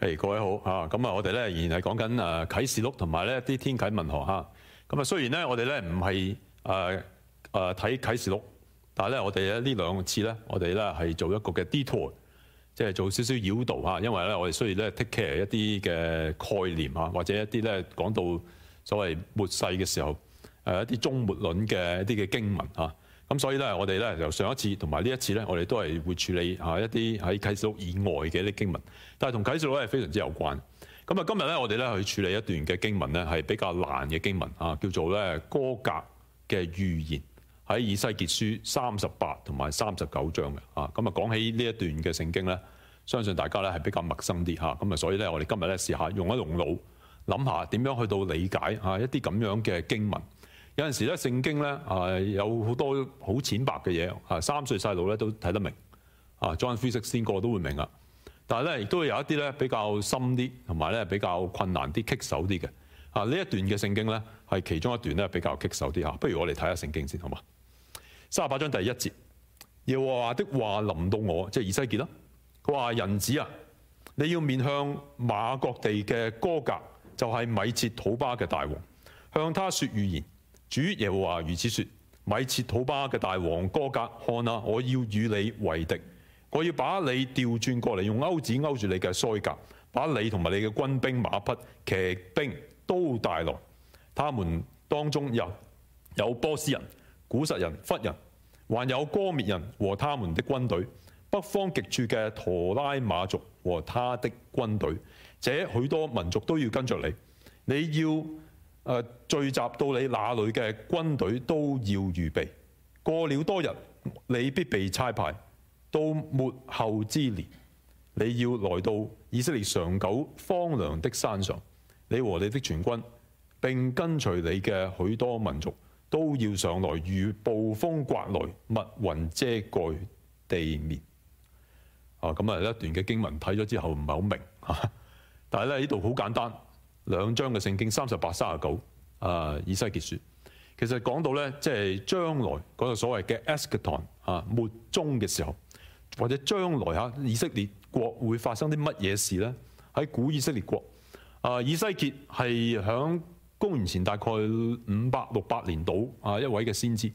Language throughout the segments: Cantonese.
係、hey，各位好嚇，咁啊，我哋咧仍然係講緊誒啟示錄同埋咧啲天啟文學嚇。咁啊，雖然咧我哋咧唔係誒誒睇啟示錄，但係咧我哋咧呢兩次咧，我哋咧係做一個嘅 detour，即係做少少繞道嚇。因為咧我哋需要咧 take care 一啲嘅概念啊，或者一啲咧講到所謂末世嘅時候誒一啲終末論嘅一啲嘅經文嚇。咁所以咧，我哋咧由上一次同埋呢一次咧，我哋都係會處理下一啲喺啟示錄以外嘅一啲經文，但係同啟示錄係非常之有關。咁啊，今日咧我哋咧去處理一段嘅經文咧，係比較難嘅經文啊，叫做咧歌革嘅預言喺以西結書三十八同埋三十九章嘅啊。咁啊，講起呢一段嘅聖經咧，相信大家咧係比較陌生啲嚇。咁啊，所以咧我哋今日咧試下用一用腦，諗下點樣去到理解一啲咁樣嘅經文。有陣時咧，聖經咧啊，有好多好淺白嘅嘢啊，三歲細路咧都睇得明啊。John Friesen 哥都會明啊。但係咧，亦都有一啲咧比較深啲，同埋咧比較困難啲棘手啲嘅啊。呢一段嘅聖經咧係其中一段咧比較棘手啲吓。不如我哋睇下聖經先，好嘛？三十八章第一節，耶和華的話臨到我，即係以西結啦。佢話，人子啊，你要面向馬各地嘅歌革，就係米設、土巴嘅大王，向他說預言。主耶和華如此說，米切土巴嘅大王歌革，看啊！我要與你為敵，我要把你調轉過嚟，用鈎子勾住你嘅腮頰，把你同埋你嘅軍兵馬匹騎兵都帶來。他們當中有有波斯人、古實人、弗人，還有歌滅人和他們的軍隊，北方極處嘅陀拉馬族和他的軍隊，這許多民族都要跟着你，你要。聚集到你那裏嘅軍隊都要預備。過了多日，你必被差派到末後之年。你要來到以色列長久荒涼的山上，你和你的全軍並跟隨你嘅許多民族都要上來，如暴風刮來、密雲遮蓋地面。啊，咁啊一段嘅經文睇咗之後唔係好明，啊、但係咧呢度好簡單。兩章嘅聖經三十八三十九啊，以西結書，其實講到咧，即係將來講到所謂嘅 Eschaton 啊末終嘅時候，或者將來嚇以色列國會發生啲乜嘢事咧？喺古以色列國啊，以西結係響公元前大概五百六百年度啊一位嘅先知，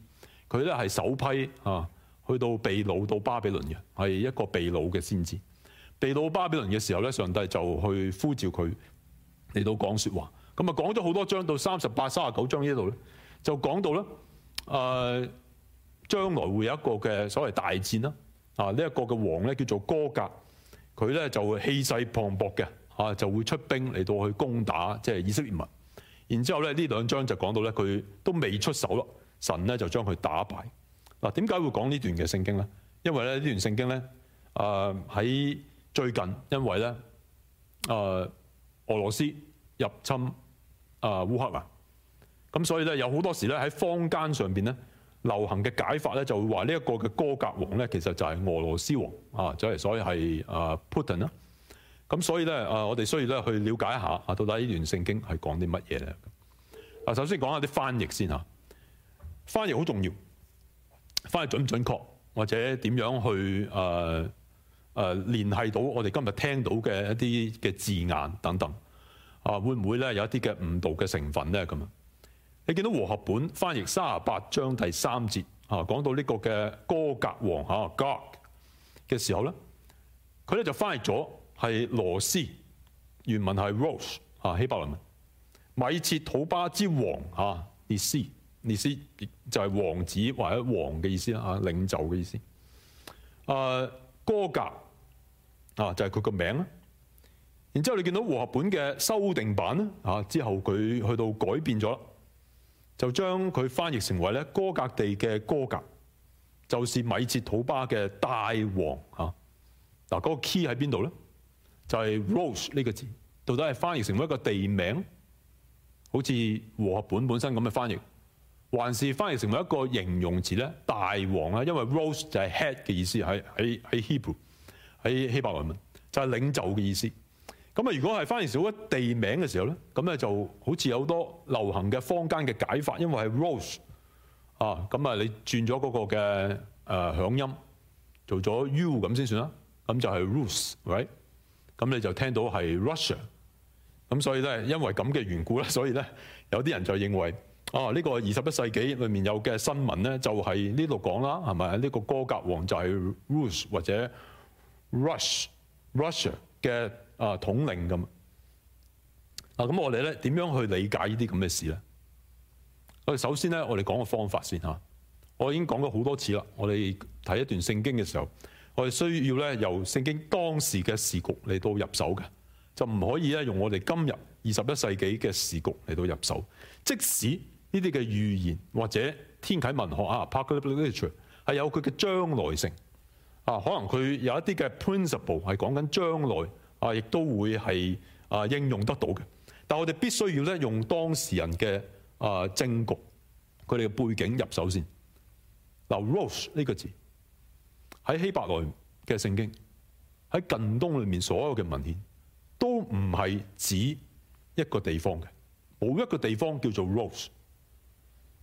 佢咧係首批啊去到被擄到巴比倫嘅，係一個被擄嘅先知，被擄巴比倫嘅時候咧，上帝就去呼召佢。嚟到講説話，咁啊講咗好多章到三十八、三十九章呢度咧，就講到咧，誒、呃、將來會有一個嘅所謂大戰啦，啊、這個、呢一個嘅王咧叫做歌革，佢咧就會氣勢磅礴嘅，啊就會出兵嚟到去攻打即係、就是、以色列民，然之後咧呢兩章就講到咧佢都未出手咯，神咧就將佢打敗。嗱點解會講呢段嘅聖經咧？因為咧呢呢段聖經咧，誒、呃、喺最近因為咧，誒、呃。俄羅斯入侵啊烏克蘭啊，咁所以咧有好多時咧喺坊間上邊咧流行嘅解法咧就會話呢一個嘅哥格王咧其實就係俄羅斯王啊，就係所以係啊 Putin 啦，咁所以咧啊我哋需要咧去了解一下啊到底呢段聖經係講啲乜嘢咧？啊首先講下啲翻譯先吓，翻譯好重要，翻譯準唔準確或者點樣去誒？誒連繫到我哋今日聽到嘅一啲嘅字眼等等，啊會唔會咧有一啲嘅誤導嘅成分咧？咁你見到和合本翻譯三十八章第三節啊，講到呢個嘅歌革王啊 God 嘅時候咧，佢咧就翻譯咗係羅斯，原文係 Rosh 啊希伯來文米設土巴之王啊，意思意思就係王子或者王嘅意思啊，領袖嘅意思，誒哥、呃、格。啊，就係佢個名啦。然之後你見到《和合本的修訂版》嘅修訂版之後佢去到改變咗，就將佢翻譯成為咧歌革地嘅歌革，就是米設土巴嘅大王嚇。嗱、啊，嗰、嗰個 key 喺邊度咧？就係、是、rosh 呢個字，到底係翻譯成為一個地名，好似《和合本》本身咁嘅翻譯，還是翻譯成為一個形容詞咧？大王啊，因為 rosh 就係 head 嘅意思，係係係希伯。喺希伯來文就係、是、領袖嘅意思。咁啊，如果係翻成少一地名嘅時候咧，咁咧就好似有好多流行嘅坊間嘅解法，因為係 Rosh 啊，咁啊，你轉咗嗰個嘅誒響音做咗 U 咁先算啦。咁就係 Rus right。咁你就聽到係 Russia。咁所以咧，因為咁嘅緣故咧，所以咧有啲人就認為哦，呢、啊這個二十一世紀裏面有嘅新聞咧，就係呢度講啦，係咪啊？呢個歌革王就係 Rus 或者。Rush, Russia，Russia 嘅啊統領，咁啊，咁我哋咧點樣去理解這些呢啲咁嘅事咧？我哋首先咧，我哋講個方法先嚇。我已經講過好多次啦。我哋睇一段聖經嘅時候，我哋需要咧由聖經當時嘅時局嚟到入手嘅，就唔可以咧用我哋今日二十一世紀嘅時局嚟到入手。即使呢啲嘅預言或者天啟文學啊，apocalyptic literature 係有佢嘅將來性。啊，可能佢有一啲嘅 principle 係講緊將來啊，亦都會係啊應用得到嘅。但係我哋必須要咧用當事人嘅啊政局，佢哋嘅背景入手先。嗱 Rosch 呢個字喺希伯來嘅聖經，喺近東裏面所有嘅文獻都唔係指一個地方嘅，冇一個地方叫做 Rosch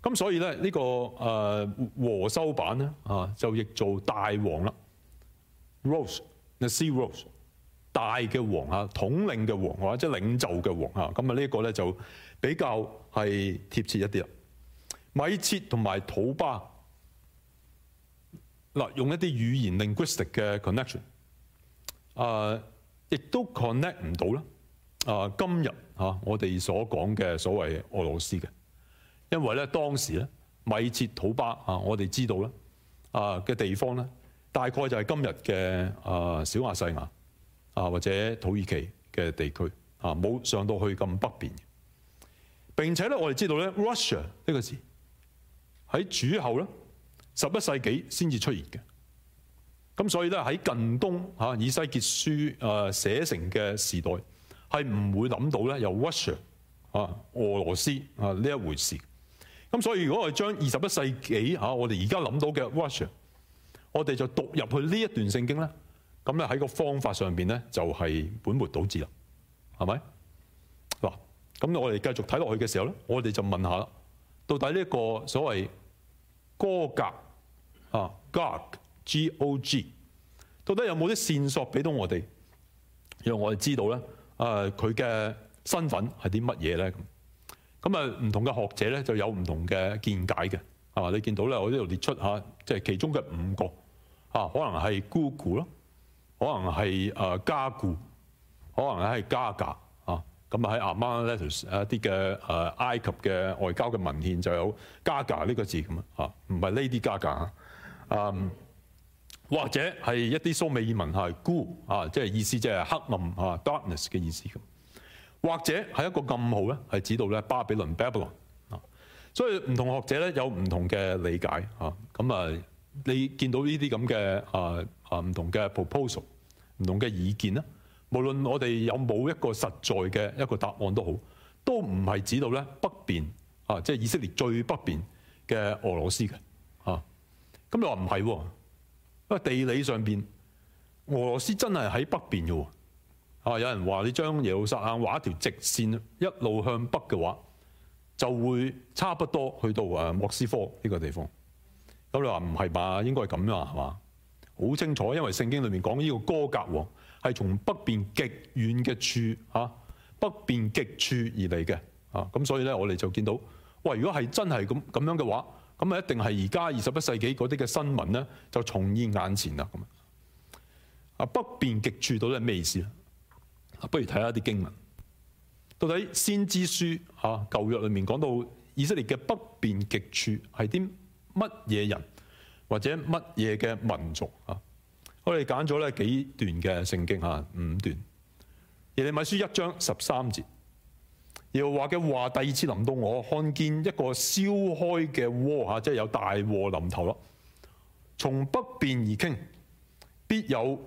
咁所以咧呢個啊和修版咧啊就譯做大王啦。Rose、Nasi Rose 大嘅王啊，統領嘅王啊，即係領袖嘅王啊。咁啊，呢一個咧就比較係貼切一啲啦。米切同埋土巴，嗱，用一啲語言 linguistic 嘅 connection，啊，亦都 connect 唔到啦。啊，今日嚇我哋所講嘅所謂俄羅斯嘅，因為咧當時咧米切土巴啊，我哋知道啦，啊嘅地方咧。大概就係今日嘅啊，小亞細亞啊，或者土耳其嘅地區啊，冇上到去咁北邊嘅。並且咧我哋知道咧 Russia 呢個字喺主後咧十一世紀先至出現嘅。咁所以咧喺近東嚇以西結書啊，寫成嘅時代係唔會諗到咧有 Russia 啊，俄羅斯啊呢一回事。咁所以如果我哋將二十一世紀嚇我哋而家諗到嘅 Russia 我哋就讀入去呢一段聖經咧，咁咧喺個方法上邊咧就係本末倒置啦，係咪？嗱，咁我哋繼續睇落去嘅時候咧，我哋就問下啦，到底呢一個所謂歌革啊，Gog，G O G，到底有冇啲線索俾到我哋，讓我哋知道咧，誒佢嘅身份係啲乜嘢咧？咁，咁啊唔同嘅學者咧就有唔同嘅見解嘅，啊你見到咧，我呢度列出吓，即係其中嘅五個。啊，可能係 Google 咯，可能係誒加固，可能係加價啊。咁啊喺 Amarna letters 一啲嘅誒埃及嘅外交嘅文獻就有加價呢個字，咁啊，唔係 Lady Gaga 啊。或者係一啲蘇美爾文係孤啊，即係意思即係黑暗啊 darkness 嘅意思咁。或者係一個暗號咧，係指到咧巴比倫 Babylon 啊。所以唔同學者咧有唔同嘅理解啊。咁啊。你見到呢啲咁嘅啊啊唔同嘅 proposal，唔同嘅意見啦。無論我哋有冇一個實在嘅一個答案都好，都唔係指到咧北邊啊，即係以色列最北邊嘅俄羅斯嘅啊。咁你話唔係，因為地理上邊，俄羅斯真係喺北邊嘅喎。啊，有人話你將耶路撒冷畫一條直線一路向北嘅話，就會差不多去到啊莫斯科呢個地方。咁你話唔係吧？應該係咁樣啊，係嘛？好清楚，因為聖經裏面講呢個歌革係從北邊極遠嘅處，吓，北邊極處而嚟嘅。啊，咁所以咧，我哋就見到，喂，如果係真係咁咁樣嘅話，咁啊一定係而家二十一世紀嗰啲嘅新聞咧，就重現眼前啦。咁啊，北邊極處到底係咩意思啊？不如睇下啲經文，到底先知書吓舊約裏面講到以色列嘅北邊極處係啲……乜嘢人或者乜嘢嘅民族啊？我哋揀咗咧幾段嘅聖經吓，五段耶利米書一章十三節，耶和華嘅話第二次臨到我，看見一個燒開嘅鍋吓，即係有大禍臨頭從從北邊而傾，必有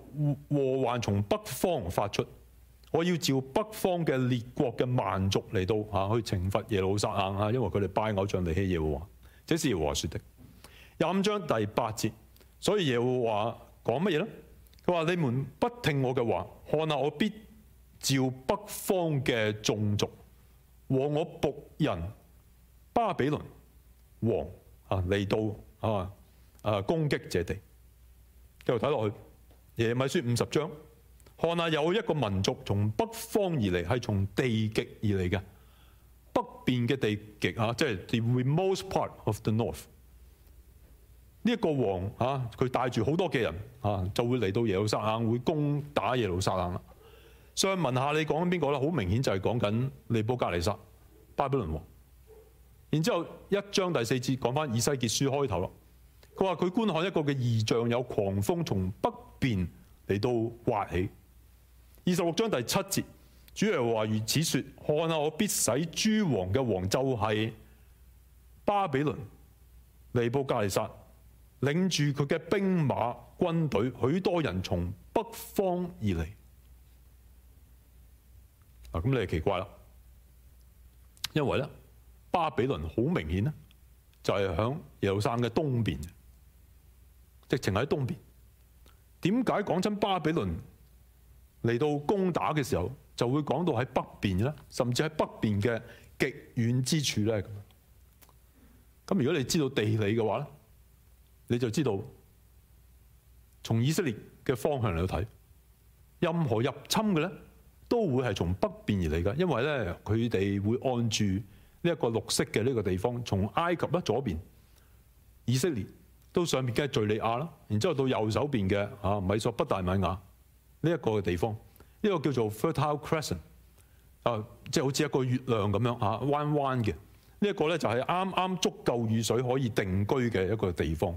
禍患從北方發出。我要召北方嘅列國嘅蠻族嚟到吓去懲罰耶路撒冷啊，因為佢哋拜偶像嚟欺耶和華。這是耶和華說的。廿五章第八節，所以耶和華講乜嘢咧？佢話，你們不聽我嘅話，看下我必召北方嘅眾族和我僕人巴比倫王啊，嚟到啊，啊攻擊這地。繼續睇落去，耶利米書五十章，看下有一個民族從北方而嚟，係從地極而嚟嘅，北邊嘅地極啊，即係 the remote part of the north。呢、這、一個王嚇，佢帶住好多嘅人啊，就會嚟到耶路撒冷，會攻打耶路撒冷啦。想問下你講緊邊個啦？好明顯就係講緊尼布甲尼撒、巴比倫王。然之後一章第四節講翻以西結書開頭咯。佢話佢觀看一個嘅異象，有狂風從北邊嚟到刮起。二十六章第七節，主耶穌話：如此説，看下我必使諸王嘅王就係巴比倫、尼布甲尼撒。領住佢嘅兵馬軍隊，許多人從北方而嚟。咁你係奇怪啦，因為咧巴比倫好明顯呢就係響耶路撒冷嘅東邊，直情喺東邊。點解講真巴比倫嚟到攻打嘅時候，就會講到喺北邊咧，甚至喺北邊嘅極遠之處咧？咁，如果你知道地理嘅話咧？你就知道，從以色列嘅方向嚟到睇，任何入侵嘅咧，都會係從北邊而嚟噶。因為咧，佢哋會按住呢一個綠色嘅呢個地方，從埃及咧左邊，以色列都上邊嘅敍利亞啦，然之後到右手邊嘅啊米索北大米亞呢一個地方，呢個叫做 Fertile Crescent，啊，即係好似一個月亮咁樣啊彎彎嘅呢一個咧就係啱啱足夠雨水可以定居嘅一個地方。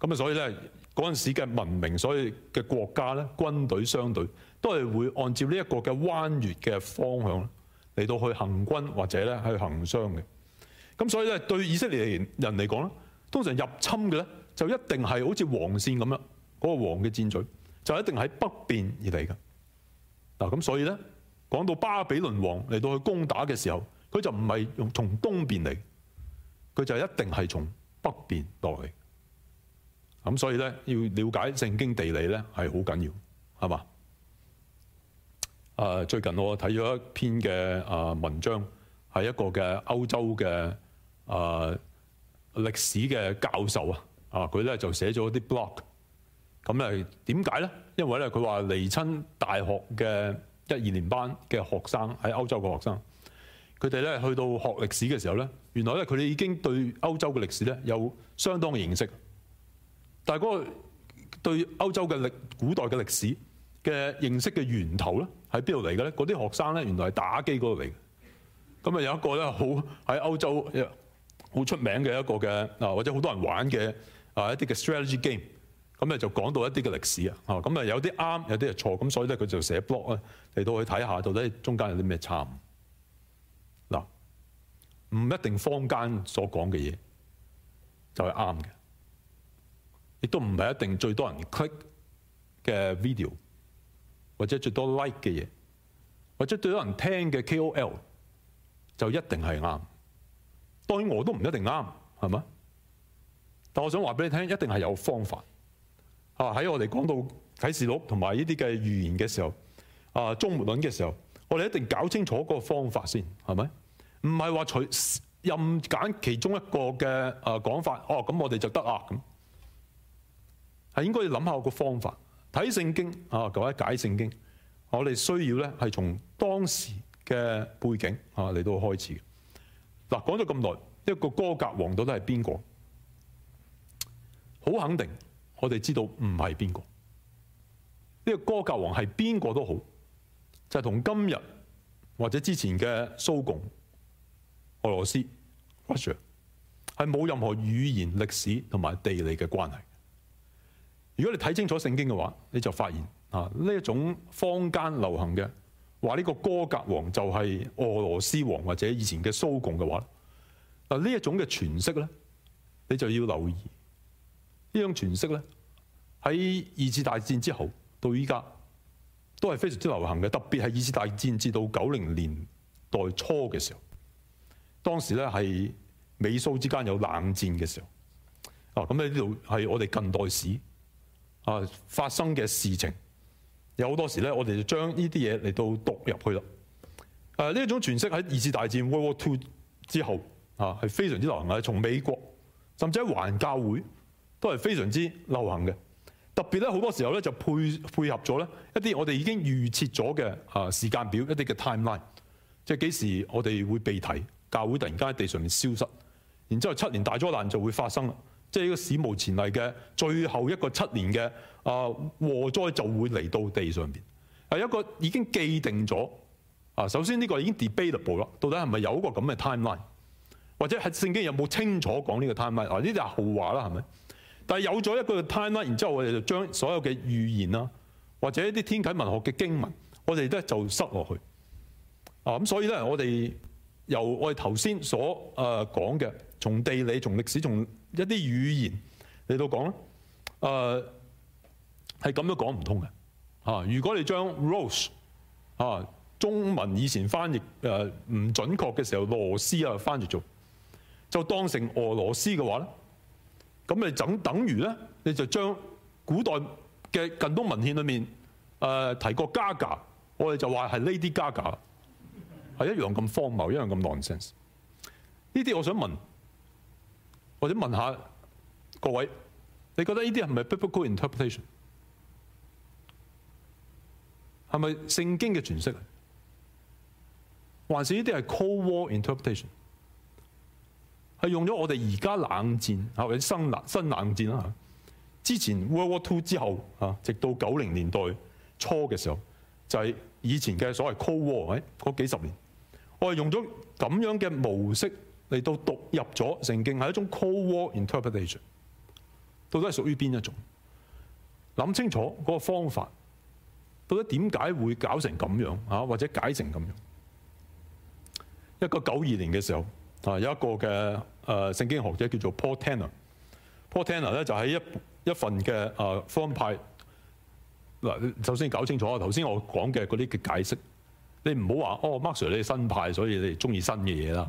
咁啊，所以咧嗰陣時嘅文明，所以嘅國家咧，軍隊、商隊都係會按照呢一個嘅彎月嘅方向咧，嚟到去行軍或者咧去行商嘅。咁所以咧，對以色列人嚟講咧，通常入侵嘅咧就一定係好似黃線咁樣嗰個黃嘅戰隊，就一定喺北邊而嚟嘅。嗱，咁所以咧，講到巴比倫王嚟到去攻打嘅時候，佢就唔係用從東邊嚟，佢就一定係從北邊落去。咁所以咧，要了解聖經地理咧，係好緊要，係嘛？啊、呃，最近我睇咗一篇嘅啊文章，係一個嘅歐洲嘅啊歷史嘅教授啊，啊佢咧就寫咗啲 blog 咁咧點解咧？因為咧佢話嚟親大學嘅一二年班嘅學生喺歐洲嘅學生，佢哋咧去到學歷史嘅時候咧，原來咧佢哋已經對歐洲嘅歷史咧有相當嘅認識。但係嗰個對歐洲嘅歷古代嘅歷史嘅認識嘅源頭咧，喺邊度嚟嘅咧？嗰啲學生咧，原來係打機嗰度嚟嘅。咁啊有一個咧，好喺歐洲好出名嘅一個嘅啊，或者好多人玩嘅啊一啲嘅 strategy game。咁咧就講到一啲嘅歷史啊。啊咁啊有啲啱，有啲係錯。咁所以咧佢就寫 blog 啊，嚟到去睇下到底中間有啲咩差誤。嗱，唔一定坊間所講嘅嘢就係啱嘅。亦都唔係一定最多人 click 嘅 video，或者最多 like 嘅嘢，或者最多人聽嘅 KOL 就一定係啱。當然我都唔一定啱，係咪？但我想話俾你聽，一定係有方法啊。喺我哋講到啟示錄同埋呢啲嘅預言嘅時候啊，終末論嘅時候，我哋一定搞清楚嗰個方法先，係咪？唔係話隨任揀其中一個嘅誒講法哦，咁我哋就得啊咁。係應該要諗下個方法睇聖經啊，各位解聖經，我哋需要咧，係從當時嘅背景啊嚟到開始。嗱，講咗咁耐，一個歌革王到底係邊個？好肯定，我哋知道唔係邊個。呢個歌革王係邊個都好，就係同今日或者之前嘅蘇共、俄羅斯 （Russia） 係冇任何語言、歷史同埋地理嘅關係。如果你睇清楚聖經嘅話，你就發現啊，呢一種坊間流行嘅話，呢個歌革王就係俄羅斯王或者以前嘅蘇共嘅話，嗱，呢一種嘅詮釋咧，你就要留意這種呢種詮釋咧喺二次大戰之後到依家都係非常之流行嘅，特別係二次大戰至到九零年代初嘅時候，當時咧係美蘇之間有冷戰嘅時候，哦，咁喺呢度係我哋近代史。啊！發生嘅事情有好多時咧，我哋就將呢啲嘢嚟到讀入去啦。誒呢一種詮釋喺二次大戰 World War Two 之後啊，係非常之流行嘅，從美國甚至喺環教會都係非常之流行嘅。特別咧好多時候咧就配配合咗咧一啲我哋已經預設咗嘅啊時間表一啲嘅 timeline，即係幾時我哋會被提教會突然間喺地上面消失，然之後七年大災難就會發生啦。即係呢個史無前例嘅最後一個七年嘅禍災就會嚟到地上邊係一個已經既定咗啊。首先呢個已經 debatable 啦，到底係咪有一個咁嘅 timeline，或者係聖經有冇清楚講呢個 timeline？啊，呢啲係後話啦，係咪？但係有咗一個 timeline，然之後我哋就將所有嘅預言啦，或者一啲天啟文學嘅經文，我哋咧就塞落去啊。咁所以咧，我哋由我哋頭先所誒講嘅，從地理、從歷史、從一啲語言嚟到講咧，誒係咁都講唔通嘅。啊，如果你將 Ros 啊中文以前翻譯誒唔、呃、準確嘅時候，羅斯啊翻住做，就當成俄羅斯嘅話咧，咁咪等等於咧，你就將古代嘅近東文獻裏面誒、呃、提過 Gaga，我哋就話係呢啲 Gaga 係一樣咁荒謬，一樣咁 nonsense。呢啲我想問。或者問下各位，你覺得呢啲係咪 Biblical interpretation？係咪聖經嘅詮釋？還是呢啲係 Cold War interpretation？係用咗我哋而家冷戰啊，或者新冷新冷戰啦吓，之前 World War Two 之後啊，直到九零年代初嘅時候，就係以前嘅所謂 Cold War 嗰幾十年，我係用咗咁樣嘅模式。嚟到讀入咗聖經係一種 Cold War interpretation，到底係屬於邊一種？諗清楚嗰個方法，到底點解會搞成咁樣或者解成咁樣？一個九二年嘅時候啊，有一個嘅、呃、聖經學者叫做 Paul Tanner，Paul Tanner 咧，就喺一一份嘅、呃、方派嗱，首先搞清楚啊。頭先我講嘅嗰啲嘅解釋，你唔好話哦，Maxwell 你係新派，所以你哋中意新嘅嘢啦。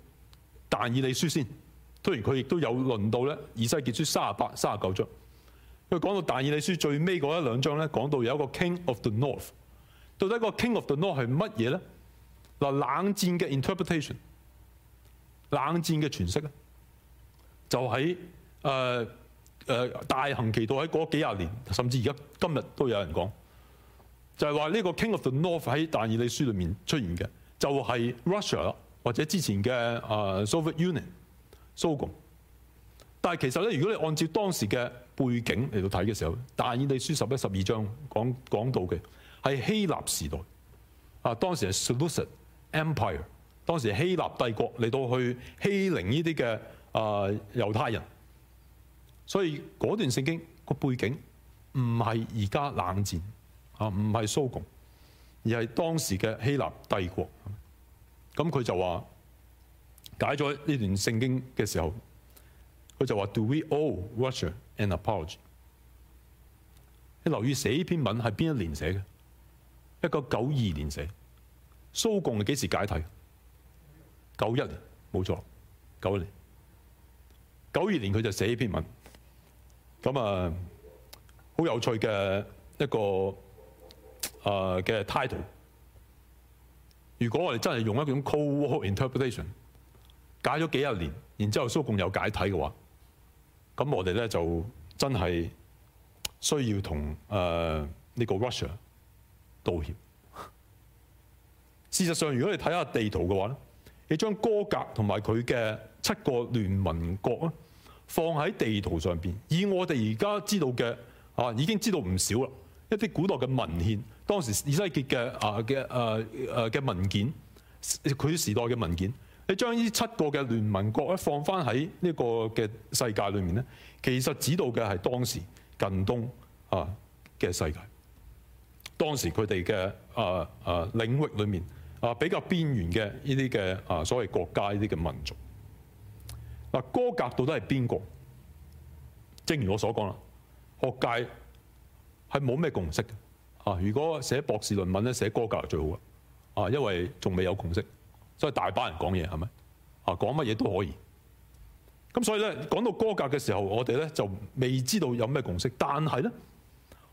但以理書先，雖然佢亦都有論到咧，以西結書三十八、三十九章，佢為講到但以理書最尾嗰一兩章咧，講到有一個 King of the North，到底個 King of the North 係乜嘢咧？嗱，冷戰嘅 interpretation，冷戰嘅詮釋咧，就喺誒誒大行其道喺嗰幾廿年，甚至而家今日都有人講，就係話呢個 King of the North 喺但以理書裏面出現嘅，就係、是、Russia。或者之前嘅 Soviet Union 啊蘇弗聯、蘇共，但係其實咧，如果你按照當時嘅背景嚟到睇嘅時候，《但以理書》十一、十二章講講到嘅係希臘時代啊，當時係 Seleucid Empire，當時希臘帝國嚟到去欺凌呢啲嘅啊猶太人，所以嗰段聖經個背景唔係而家冷戰啊，唔係蘇共，而係當時嘅希臘帝國。咁佢就話解咗呢段聖經嘅時候，佢就話：Do we owe Russia an apology？你留意寫呢篇文係邊一年寫嘅？一九九二年寫。蘇共係幾時解體？九一年冇錯，九一年九二年佢就寫呢篇文。咁啊，好有趣嘅一個啊嘅、uh, title。如果我哋真係用一種 cold war interpretation 解咗幾十年，然之後蘇共有解體嘅話，咁我哋咧就真係需要同誒呢個 Russia 道歉。事實上，如果你睇下地圖嘅話咧，你將歌革同埋佢嘅七個聯盟國啊放喺地圖上邊，以我哋而家知道嘅啊，已經知道唔少啦，一啲古代嘅文獻。當時以西結嘅啊嘅誒誒嘅文件，佢時代嘅文件，你將呢七個嘅聯盟國呢放翻喺呢個嘅世界裏面咧，其實指到嘅係當時近東啊嘅世界，當時佢哋嘅啊啊領域裏面啊比較邊緣嘅呢啲嘅啊所謂國家呢啲嘅民族，嗱歌革到底係邊個？正如我所講啦，學界係冇咩共識嘅。啊！如果寫博士論文咧，寫歌革係最好嘅，啊，因為仲未有共識，所以大把人講嘢係咪？啊，講乜嘢都可以。咁所以咧，講到歌革嘅時候，我哋咧就未知道有咩共識，但係咧，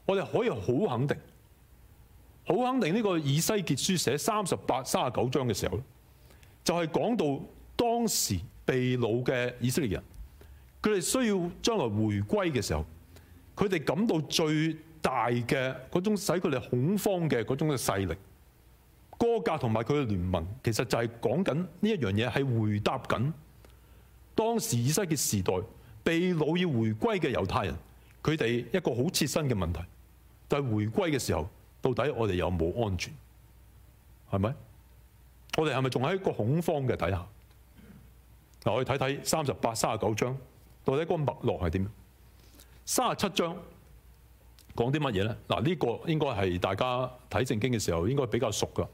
我哋可以好肯定、好肯定呢個以西結書寫三十八、三十九章嘅時候咧，就係、是、講到當時被擄嘅以色列人，佢哋需要將來回歸嘅時候，佢哋感到最……大嘅嗰種使佢哋恐慌嘅嗰種嘅勢力，歌革同埋佢嘅聯盟，其實就係講緊呢一樣嘢，係回答緊當時以西結時代被擄要回歸嘅猶太人，佢哋一個好切身嘅問題，就係、是、回歸嘅時候，到底我哋有冇安全，係咪？我哋係咪仲喺一個恐慌嘅底下？嗱，我哋睇睇三十八、三十九章，到底嗰個脈絡係點？三十七章。講啲乜嘢咧？嗱，呢個應該係大家睇聖經嘅時候應該比較熟噶。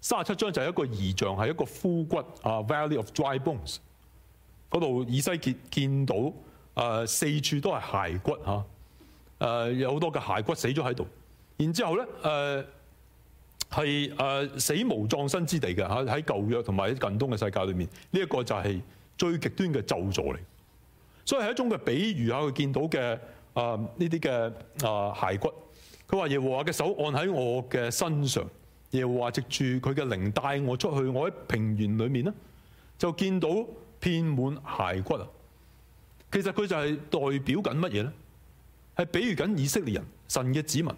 三十七章就係一個異象，係一個枯骨啊，valley of dry bones 嗰度以西結見到啊，四處都係骸骨嚇，誒有好多嘅骸骨死咗喺度。然之後咧，誒係誒死無葬身之地嘅嚇，喺舊約同埋喺近東嘅世界裏面，呢、這、一個就係最極端嘅咒詛嚟，所以係一種嘅比喻嚇，佢見到嘅。啊！呢啲嘅啊骸骨，佢話耶和華嘅手按喺我嘅身上，耶和華藉住佢嘅靈帶我出去。我喺平原裏面呢，就見到遍滿骸骨啊。其實佢就係代表緊乜嘢咧？係比喻緊以色列人，神嘅子民，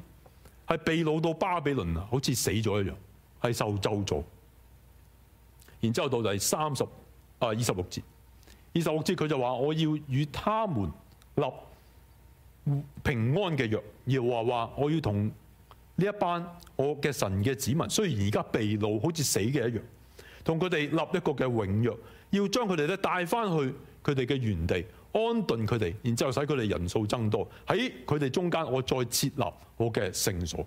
係被擄到巴比倫啊，好似死咗一樣，係受咒咗。然之後到第三十啊二十六節，二十六節佢就話我要與他們立。平安嘅約，而話話我要同呢一班我嘅神嘅子民，雖然而家被擄好似死嘅一樣，同佢哋立一個嘅永約，要將佢哋咧帶翻去佢哋嘅原地，安頓佢哋，然之後使佢哋人數增多，喺佢哋中間，我再設立我嘅聖所。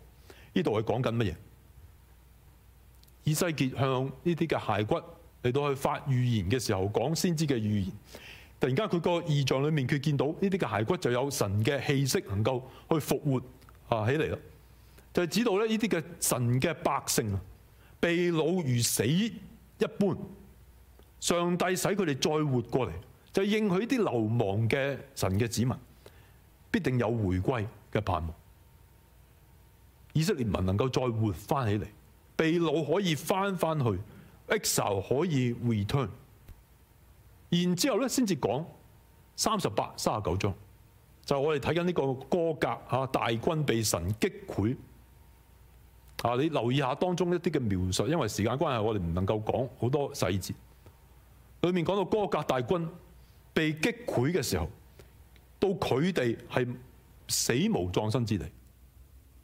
呢度係講緊乜嘢？以西結向呢啲嘅骸骨嚟到去發預言嘅時候，講先知嘅預言。突然間佢個異象裏面，佢見到呢啲嘅骸骨就有神嘅氣息，能夠去復活啊起嚟啦，就係指到咧呢啲嘅神嘅百姓啊，被擄如死一般，上帝使佢哋再活過嚟，就應許啲流亡嘅神嘅子民必定有回歸嘅盼望，以色列民能夠再活翻起嚟，被擄可以翻翻去，Exile 可以 return。然之後咧，先至講三十八、三十九章，就係我哋睇緊呢個歌革嚇大軍被神擊潰嚇。你留意下當中一啲嘅描述，因為時間關係，我哋唔能夠講好多細節。裏面講到歌革大軍被擊潰嘅時候，到佢哋係死無葬身之地，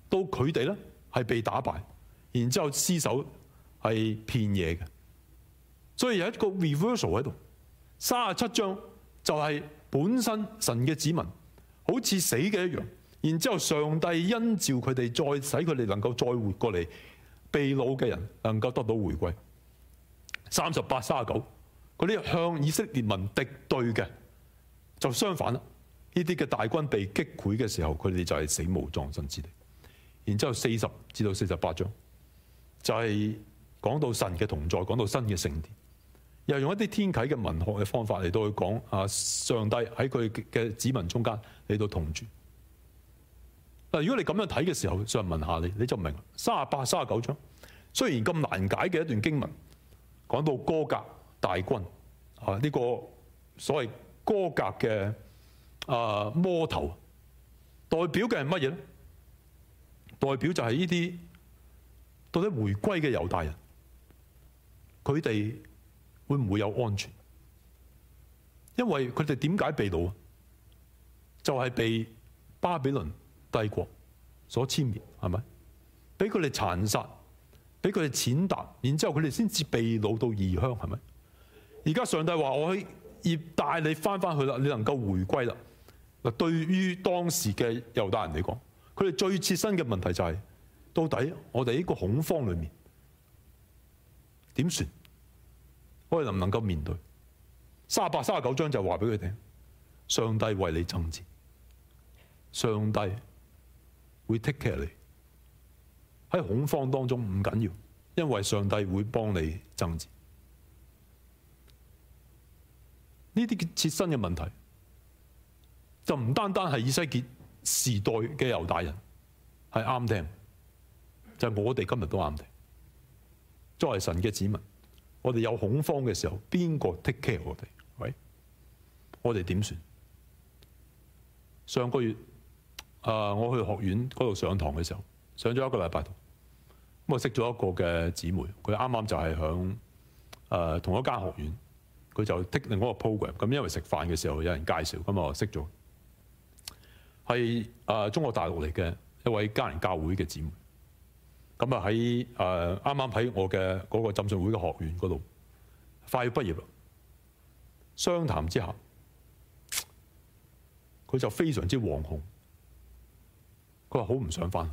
到佢哋咧係被打敗，然之後屍首係遍野嘅，所以有一個 reversal 喺度。三十七章就係本身神嘅子民好似死嘅一樣，然之後上帝恩召佢哋，再使佢哋能夠再活過嚟，被擄嘅人能夠得到回歸。三十八、三十九佢哋向以色列民敵對嘅，就相反啦。呢啲嘅大軍被擊潰嘅時候，佢哋就係死無葬身之地。然之後四十至到四十八章就係講到神嘅同在，講到新嘅聖殿。又用一啲天啟嘅文學嘅方法嚟到去講啊，上帝喺佢嘅子民中間嚟到同住。嗱，如果你咁樣睇嘅時候，想問下你，你就明三十八、三十九章雖然咁難解嘅一段經文，講到歌革大軍啊，呢個所謂歌革嘅啊魔頭，代表嘅係乜嘢咧？代表就係呢啲到底回歸嘅猶大人，佢哋。會唔會有安全？因為佢哋點解被擄？就係、是、被巴比倫帝國所殲滅，係咪？俾佢哋殘殺，俾佢哋踐踏，然之後佢哋先至被擄到異鄉，係咪？而家上帝話：我喺業帶你翻翻去啦，你能夠回歸啦。嗱，對於當時嘅猶大人嚟講，佢哋最切身嘅問題就係、是：到底我哋呢個恐慌裏面點算？我哋能唔能夠面對？三十八、三十九章就話俾佢聽：上帝為你爭戰，上帝會踢佢你。」喺恐慌當中唔緊要，因為上帝會幫你爭戰。呢啲切身嘅問題，就唔單單係以西結時代嘅猶大人係啱聽，就係我哋今日都啱聽，作為神嘅子民。我哋有恐慌嘅時候，邊個 take care 我哋，right？喂，我哋點算？上個月啊，我去學院嗰度上堂嘅時候，上咗一個禮拜。咁我識咗一個嘅姊妹，佢啱啱就係響誒同一間學院，佢就 take 另一個 program。咁因為食飯嘅時候有人介紹，咁我識咗，係誒中國大陸嚟嘅一位家庭教會嘅姊妹。咁啊喺誒啱啱喺我嘅嗰個浸信會嘅學院嗰度，快要畢業啦。商談之下，佢就非常之惶恐。佢話好唔想翻去，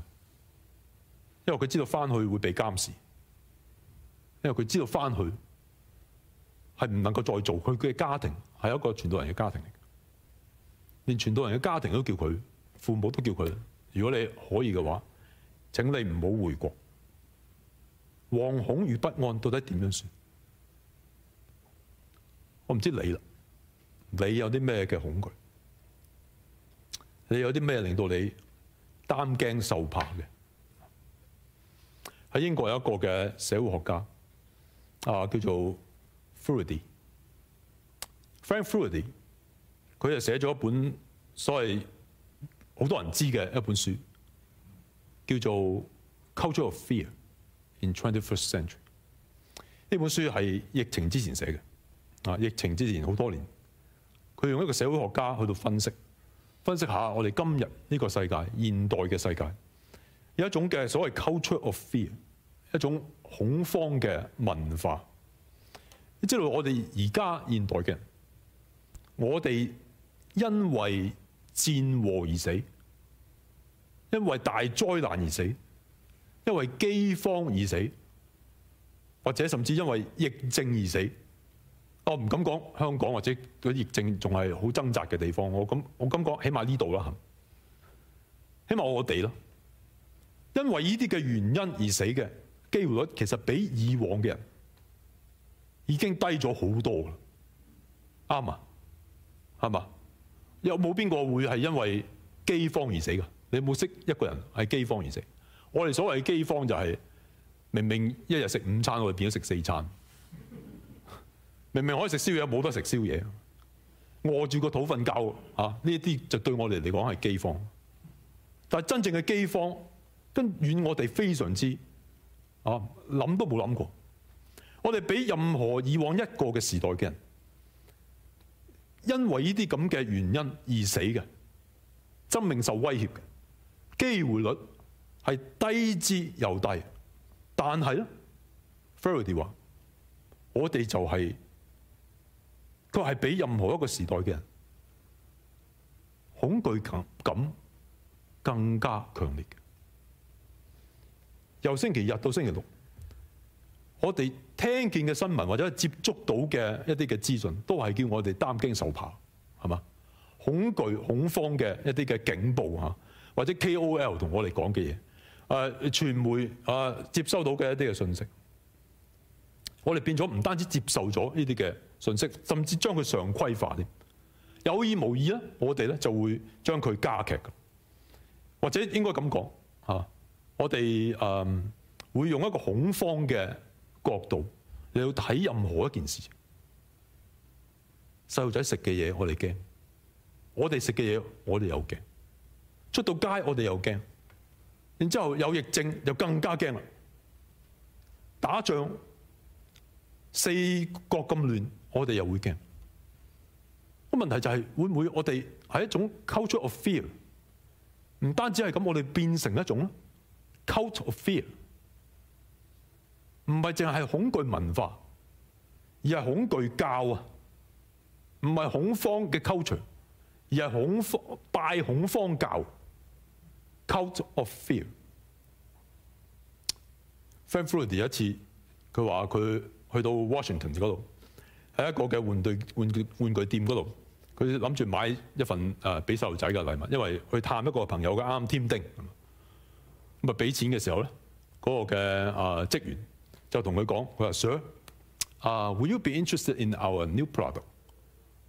因為佢知道翻去會被監視，因為佢知道翻去係唔能夠再做。佢嘅家庭係一個傳道人嘅家庭嚟，連傳道人嘅家庭都叫佢父母都叫佢。如果你可以嘅話。請你唔好回國，惶恐與不安到底點樣算？我唔知你啦，你有啲咩嘅恐懼？你有啲咩令到你擔驚受怕嘅？喺英國有一個嘅社會學家啊，叫做 Freudy，Frank Freudy，佢就寫咗一本所謂好多人知嘅一本書。叫做 culture of fear in 21st century 呢本書係疫情之前寫嘅，啊疫情之前好多年，佢用一個社會學家去到分析，分析一下我哋今日呢個世界現代嘅世界有一種嘅所謂 culture of fear 一種恐慌嘅文化，知道我哋而家現代嘅人，我哋因為戰禍而死。因為大災難而死，因為饑荒而死，或者甚至因為疫症而死。我唔敢講香港或者啲疫症仲係好掙扎嘅地方，我咁我咁講，起碼呢度啦，起碼我哋啦，因為呢啲嘅原因而死嘅機會率，其實比以往嘅人已經低咗好多啦。啱啊，係嘛？有冇邊個會係因為饑荒而死噶？你有冇識一個人係饑荒而食？我哋所謂饑荒就係明明一日食五餐，我哋變咗食四餐；明明可以食宵夜，冇得食宵夜，餓住個肚瞓覺啊！呢啲就對我哋嚟講係饑荒。但真正嘅饑荒，跟遠我哋非常之啊，諗都冇諗過。我哋比任何以往一個嘅時代嘅人，因為呢啲咁嘅原因而死嘅，生命受威脅嘅。機會率係低之又低，但係咧 Ferrari 話：我哋就係佢係比任何一個時代嘅人恐懼感更加強烈嘅。由星期日到星期六，我哋聽見嘅新聞或者接觸到嘅一啲嘅資訊，都係叫我哋擔驚受怕，係嘛？恐懼、恐慌嘅一啲嘅警報吓。或者 KOL 同我哋講嘅嘢，誒、呃、傳媒誒、呃、接收到嘅一啲嘅信息，我哋變咗唔單止接受咗呢啲嘅信息，甚至將佢常規化添。有意無意咧，我哋咧就會將佢加劇，或者應該咁講嚇，我哋誒、呃、會用一個恐慌嘅角度你要睇任何一件事情。細路仔食嘅嘢我哋驚，我哋食嘅嘢我哋又驚。出到街我哋又驚，然之後有疫症又更加驚啦。打仗，四國咁亂，我哋又會驚。個問題就係會唔會我哋係一種 culture of fear？唔單止係咁，我哋變成一種 culture of fear，唔係淨係恐懼文化，而係恐懼教啊，唔係恐慌嘅 culture，而係恐慌，拜恐慌教。Cult of fear。Frank Floyd 一次，佢話佢去到 Washington 嗰度，喺一個嘅玩具玩具玩具店嗰度，佢諗住買一份誒俾細路仔嘅禮物，因為去探一個朋友嘅啱添丁。咁啊俾錢嘅時候咧，嗰、嗰個嘅啊職員就同佢講：佢話 Sir，啊、uh, Will you be interested in our new product？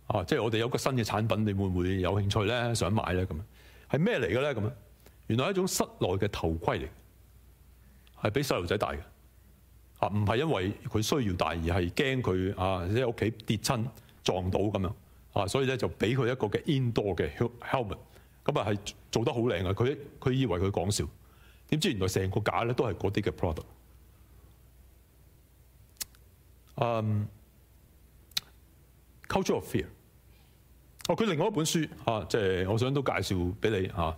啊，即係我哋有個新嘅產品，你會唔會有興趣咧？想買咧咁樣？係咩嚟嘅咧？咁樣？原來係一種室內嘅頭盔嚟，係俾細路仔戴嘅，嚇唔係因為佢需要戴而係驚佢啊，喺屋企跌親撞到咁樣，啊，所以咧就俾佢一個嘅 indoor 嘅 helmet，咁啊係做得好靚嘅。佢佢以為佢講笑，點知原來成個架咧都係嗰啲嘅 product。Um, Culture of Fear，哦，佢另外一本書嚇，即係我想都介紹俾你嚇。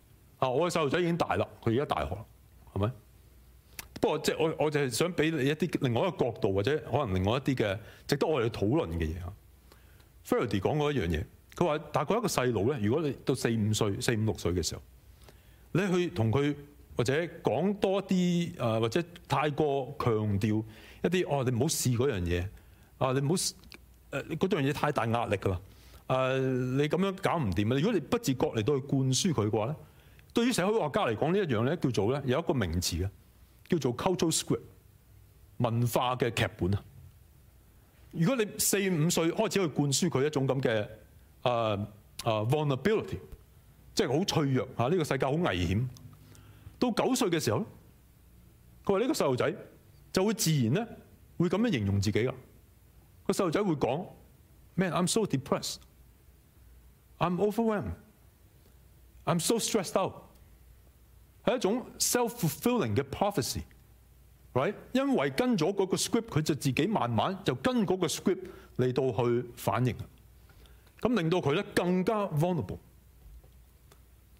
啊！我嘅細路仔已經大啦，佢而家大學啦，係咪？不過即係我我就係想俾你一啲另外一個角度，或者可能另外一啲嘅值得我哋去討論嘅嘢嚇。Ferdy 講過一樣嘢，佢話，大概一個細路咧，如果你到四五歲、四五六歲嘅時候，你去同佢或者講多啲誒，或者太過強調一啲哦，你唔好試嗰樣嘢啊，你唔好誒嗰樣嘢太大壓力㗎啦。誒、呃，你咁樣搞唔掂啊！如果你不自覺嚟到去灌輸佢嘅話咧。對於社會學家嚟講呢一樣咧，叫做咧有一個名字嘅，叫做 cultural script 文化嘅劇本啊！如果你四五歲開始去灌輸佢一種咁嘅、uh, uh, vulnerability，即係好脆弱嚇，呢、這個世界好危險。到九歲嘅時候咧，佢話呢個細路仔就會自然咧會咁樣形容自己噶。個細路仔會講：Man，I'm so depressed，I'm overwhelmed。I'm so stressed out。係一種 self-fulfilling 嘅 prophecy，right？因為跟咗嗰個 script，佢就自己慢慢就跟嗰個 script 嚟到去反應。咁令到佢咧更加 vulnerable。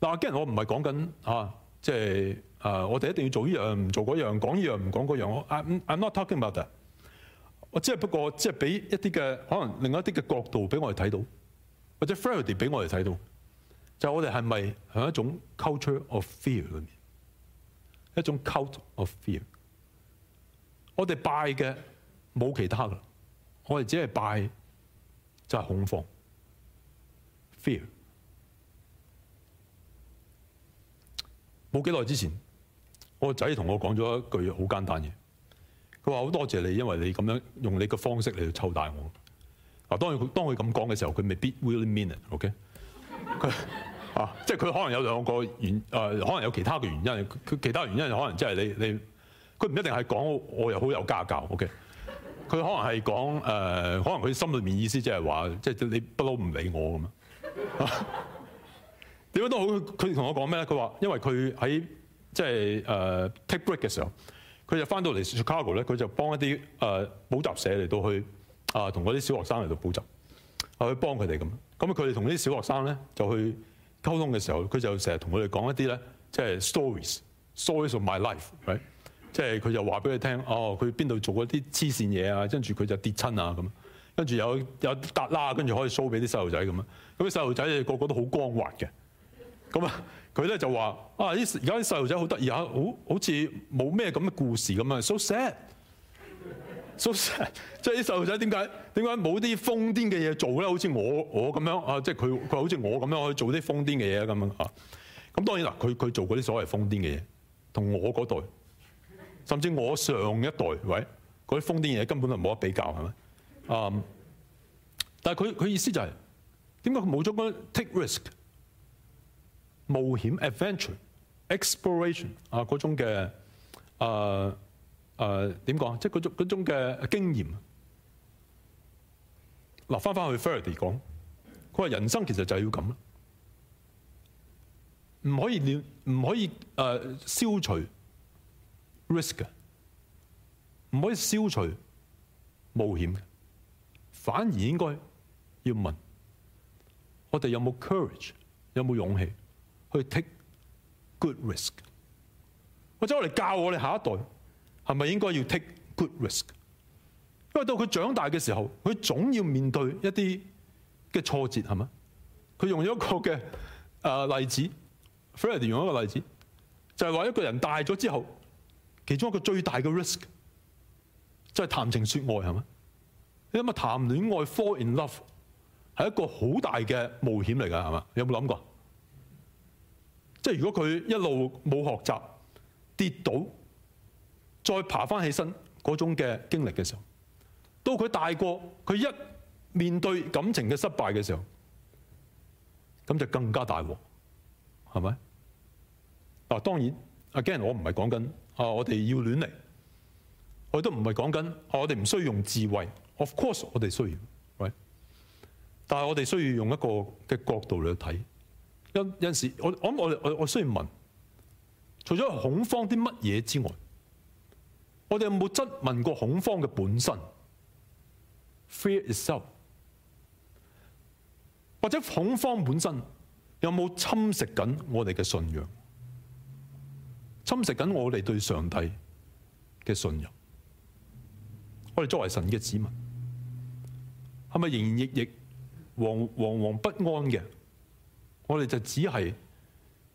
嗱，啲人我唔係講緊啊，即係啊，我哋一定要做依樣唔做嗰樣，講依樣唔講嗰樣。I'm I'm not talking about that。我即係不過即係俾一啲嘅可能另外一啲嘅角度俾我哋睇到，或者 freedom 俾我哋睇到。就是、我哋係咪喺一種 culture of fear 裏面？一種 cult of fear。我哋拜嘅冇其他噶，我哋只係拜就係、是、恐慌，fear。冇幾耐之前，我個仔同我講咗一句好簡單嘅：「佢話好多謝你，因為你咁樣用你嘅方式嚟到湊大我。嗱，當然當佢咁講嘅時候，佢未必 really mean it。OK。 啊！即係佢可能有兩個原誒、呃，可能有其他嘅原因。佢其他原因就可能即係你你佢唔一定係講我又好有家教。O.K. 佢可能係講誒，可能佢心裏面意思即係話，即係你不嬲唔理我咁啊？點都好，佢同我講咩咧？佢話因為佢喺即係誒 take break 嘅時候，佢就翻到嚟 Chicago 咧，佢就幫一啲誒、呃、補習社嚟到去啊，同嗰啲小學生嚟到補習、啊、去幫佢哋咁。咁佢哋同啲小學生咧就去。溝通嘅時候，佢就成日同我哋講一啲咧，即係 stories，stories of my life，即係佢就話俾佢聽，哦，佢邊度做一啲黐線嘢啊，跟住佢就跌親啊咁，跟住有有揼啦，跟住可以 show 俾啲細路仔咁啊，咁啲細路仔又個個都好光滑嘅，咁啊，佢咧就話，啊，依而家啲細路仔好得意啊，好好似冇咩咁嘅故事咁啊，so sad。即係啲細路仔點解點解冇啲瘋癲嘅嘢做咧？好似我我咁樣啊，即係佢佢好似我咁樣去做啲瘋癲嘅嘢咁樣啊。咁當然啦，佢佢做過啲所謂瘋癲嘅嘢，同我嗰代，甚至我上一代，喂嗰啲瘋癲嘢根本就冇得比較係咪？啊！但係佢佢意思就係點解佢冇咗嗰 take risk 冒險 adventure exploration 啊嗰種嘅啊？呃誒、呃，點講即係嗰種種嘅經驗。嗱，翻翻去 Ferdy 講，佢話人生其實就係要咁啦，唔可以唔可以誒、呃、消除 risk 嘅，唔可以消除冒險嘅，反而應該要問我哋有冇 courage，有冇勇氣去 take good risk。或者我走嚟教我哋下一代。係咪應該要 take good risk？因為到佢長大嘅時候，佢總要面對一啲嘅挫折，係咪？佢用咗一個嘅、呃、例子，Freddie 用一個例子，就係話一個人大咗之後，其中一個最大嘅 risk，就係談情説愛，係咪？你諗吓，談戀愛 fall in love 係一個好大嘅冒險嚟㗎，係嘛？有冇諗過？即係如果佢一路冇學習跌倒，再爬翻起身嗰種嘅經歷嘅時候，到佢大個，佢一面對感情嘅失敗嘅時候，咁就更加大鑊，係咪？嗱，當然，Again，我唔係講緊啊，我哋要亂嚟，我都唔係講緊，我哋唔需要用智慧。Of course，我哋需要，喂、right？但係我哋需要用一個嘅角度嚟睇。因有陣時，我我我我我需要問，除咗恐慌啲乜嘢之外？我哋有冇質問過恐慌嘅本身？Fear itself，或者恐慌本身有冇侵蝕緊我哋嘅信仰？侵蝕緊我哋對上帝嘅信任？我哋作為神嘅子民，係咪仍然亦亦惶惶惶不安嘅？我哋就只係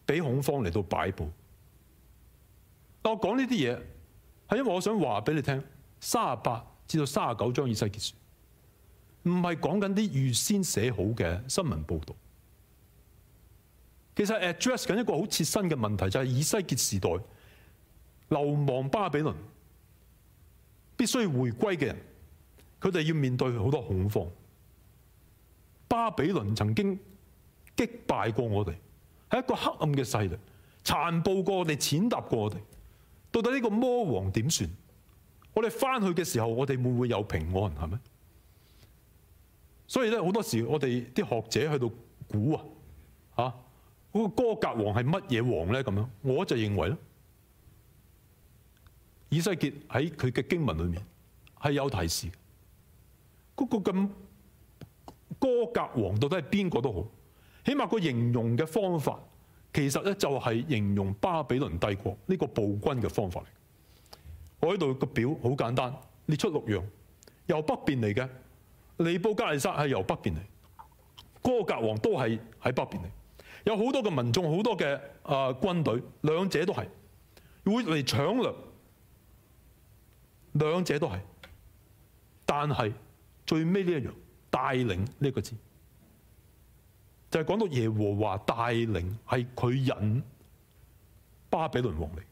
俾恐慌嚟到擺布。但我講呢啲嘢。係因為我想話俾你聽，三十八至到三十九章以西結書，唔係講緊啲預先寫好嘅新聞報導。其實 address 緊一個好切身嘅問題，就係以西結時代流亡巴比倫必須回歸嘅人，佢哋要面對好多恐慌。巴比倫曾經擊敗過我哋，係一個黑暗嘅勢力，殘暴過我哋，踐踏過我哋。到底呢個魔王點算？我哋返去嘅時候，我哋會唔會有平安？係咪？所以咧，好多時我哋啲學者喺度估啊，吓、那、嗰個歌革王係乜嘢王咧？咁樣，我就認為呢，以西結喺佢嘅經文裏面係有提示，嗰、那個咁歌革王到底係邊個都好，起碼佢形容嘅方法，其實咧就係形容巴比倫帝國呢個暴君嘅方法嚟。我喺度個表好簡單，列出六樣，由北邊嚟嘅尼布加利沙係由北邊嚟，歌革王都係喺北邊嚟，有好多嘅民眾，好多嘅啊軍隊，兩者都係會嚟搶掠，兩者都係，但係最尾呢一樣帶領呢個字，就係、是、講到耶和華帶領，係佢引巴比倫王嚟，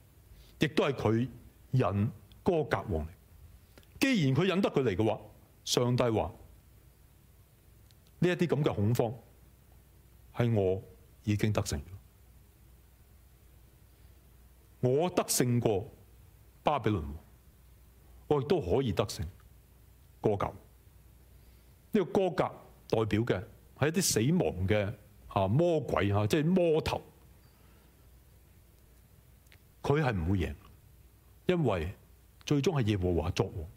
亦都係佢引哥格王嚟。既然佢引得佢嚟嘅話，上帝話呢一啲咁嘅恐慌係我已經得勝了，我得勝過巴比倫王，我亦都可以得勝哥格。呢、這個哥格代表嘅。係一啲死亡嘅吓魔鬼吓，即係魔頭，佢係唔會贏，因為最終係耶和華作王，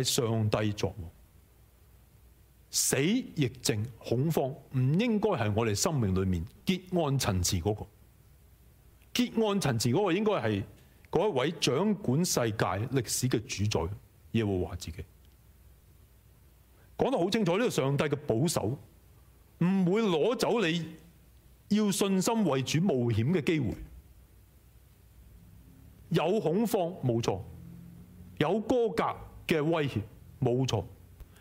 係上帝作王，死疫症恐慌唔應該係我哋生命裏面結案陳詞嗰個，結案陳詞嗰個應該係嗰一位掌管世界歷史嘅主宰耶和華自己，講得好清楚，呢個上帝嘅保守。.唔會攞走你要信心為主冒險嘅機會，有恐慌冇錯，有歌革嘅威脅冇錯，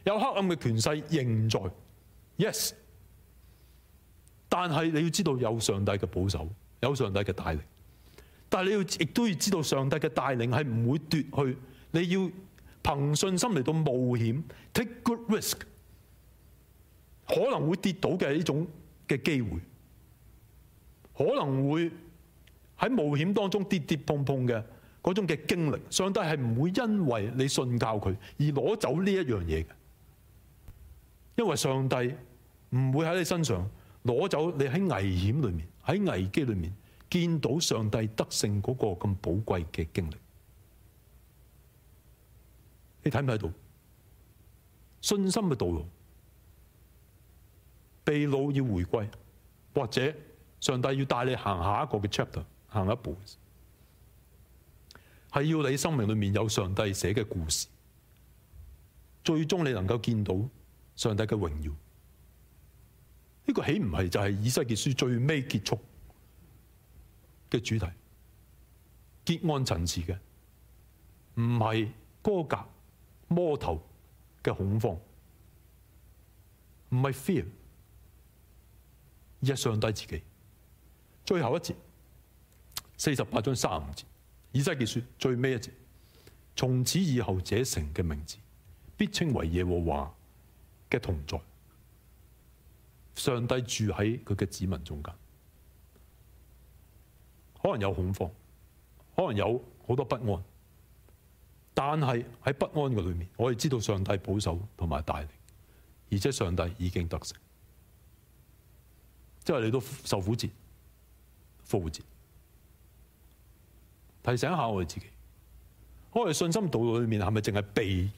有黑暗嘅權勢仍在。Yes，但係你要知道有上帝嘅保守，有上帝嘅帶領，但係你要亦都要知道上帝嘅帶領係唔會奪去你要憑信心嚟到冒險。Take good risk。可能會跌倒嘅呢種嘅機會，可能會喺冒險當中跌跌碰碰嘅嗰種嘅經歷，上帝係唔會因為你信教佢而攞走呢一樣嘢嘅，因為上帝唔會喺你身上攞走你喺危險裏面、喺危機裏面見到上帝得勝嗰個咁寶貴嘅經歷。你睇唔睇到信心嘅道路？被擄要回歸，或者上帝要帶你行下一個嘅 chapter，行一步，係要你生命裏面有上帝寫嘅故事，最終你能夠見到上帝嘅榮耀。呢、這個豈唔係就係以西結書最尾結束嘅主題，結案陳詞嘅，唔係歌革瑪各嘅恐慌，唔係 Fear。一上帝自己，最後一節四十八章三五節，以西結書最尾一節：從此以後，這城嘅名字必稱為耶和華嘅同在。上帝住喺佢嘅子民中間，可能有恐慌，可能有好多不安，但係喺不安嘅裏面，我哋知道上帝保守同埋帶領，而且上帝已經得勝。即係你都受苦節、復活節，提醒下我哋自己，我哋信心道路裏面係咪淨係避、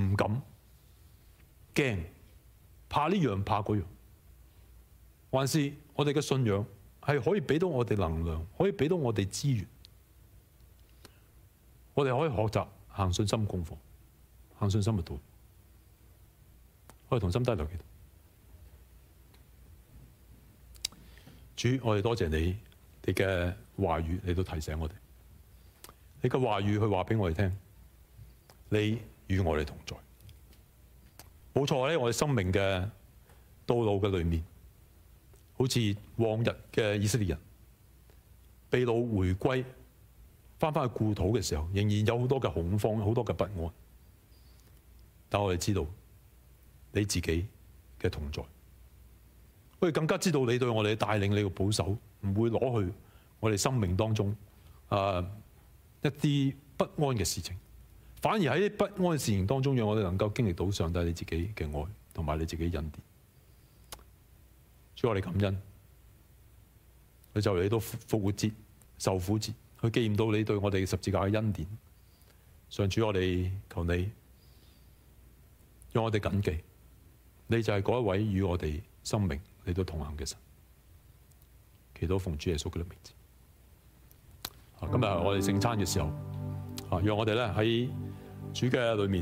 唔敢、驚、怕呢樣怕嗰樣，還是我哋嘅信仰係可以俾到我哋能量，可以俾到我哋資源，我哋可以學習行信心功課，行信心嘅道，可以同心低落。佢哋。主，我哋多謝你，你嘅話語你都提醒我哋，你嘅話語去話俾我哋聽，你與我哋同在，冇錯咧，我哋生命嘅道路嘅裏面，好似往日嘅以色列人被擄回歸，翻返去故土嘅時候，仍然有好多嘅恐慌，好多嘅不安，但我哋知道你自己嘅同在。會更加知道你對我哋嘅帶領，你嘅保守唔會攞去我哋生命當中、呃、一啲不安嘅事情，反而喺不安嘅事情當中，讓我哋能夠經歷到上帝你自己嘅愛同埋你自己嘅恩典。所以我哋感恩，佢就嚟到復活節、受苦節，佢記唔到你對我哋十字架嘅恩典。上主，我哋求你，讓我哋謹記，你就係嗰一位與我哋生命，嚟到同行嘅神，祈禱奉主耶穌嘅名字。今日我哋聖餐嘅時候，啊，讓我哋咧喺主嘅裏面。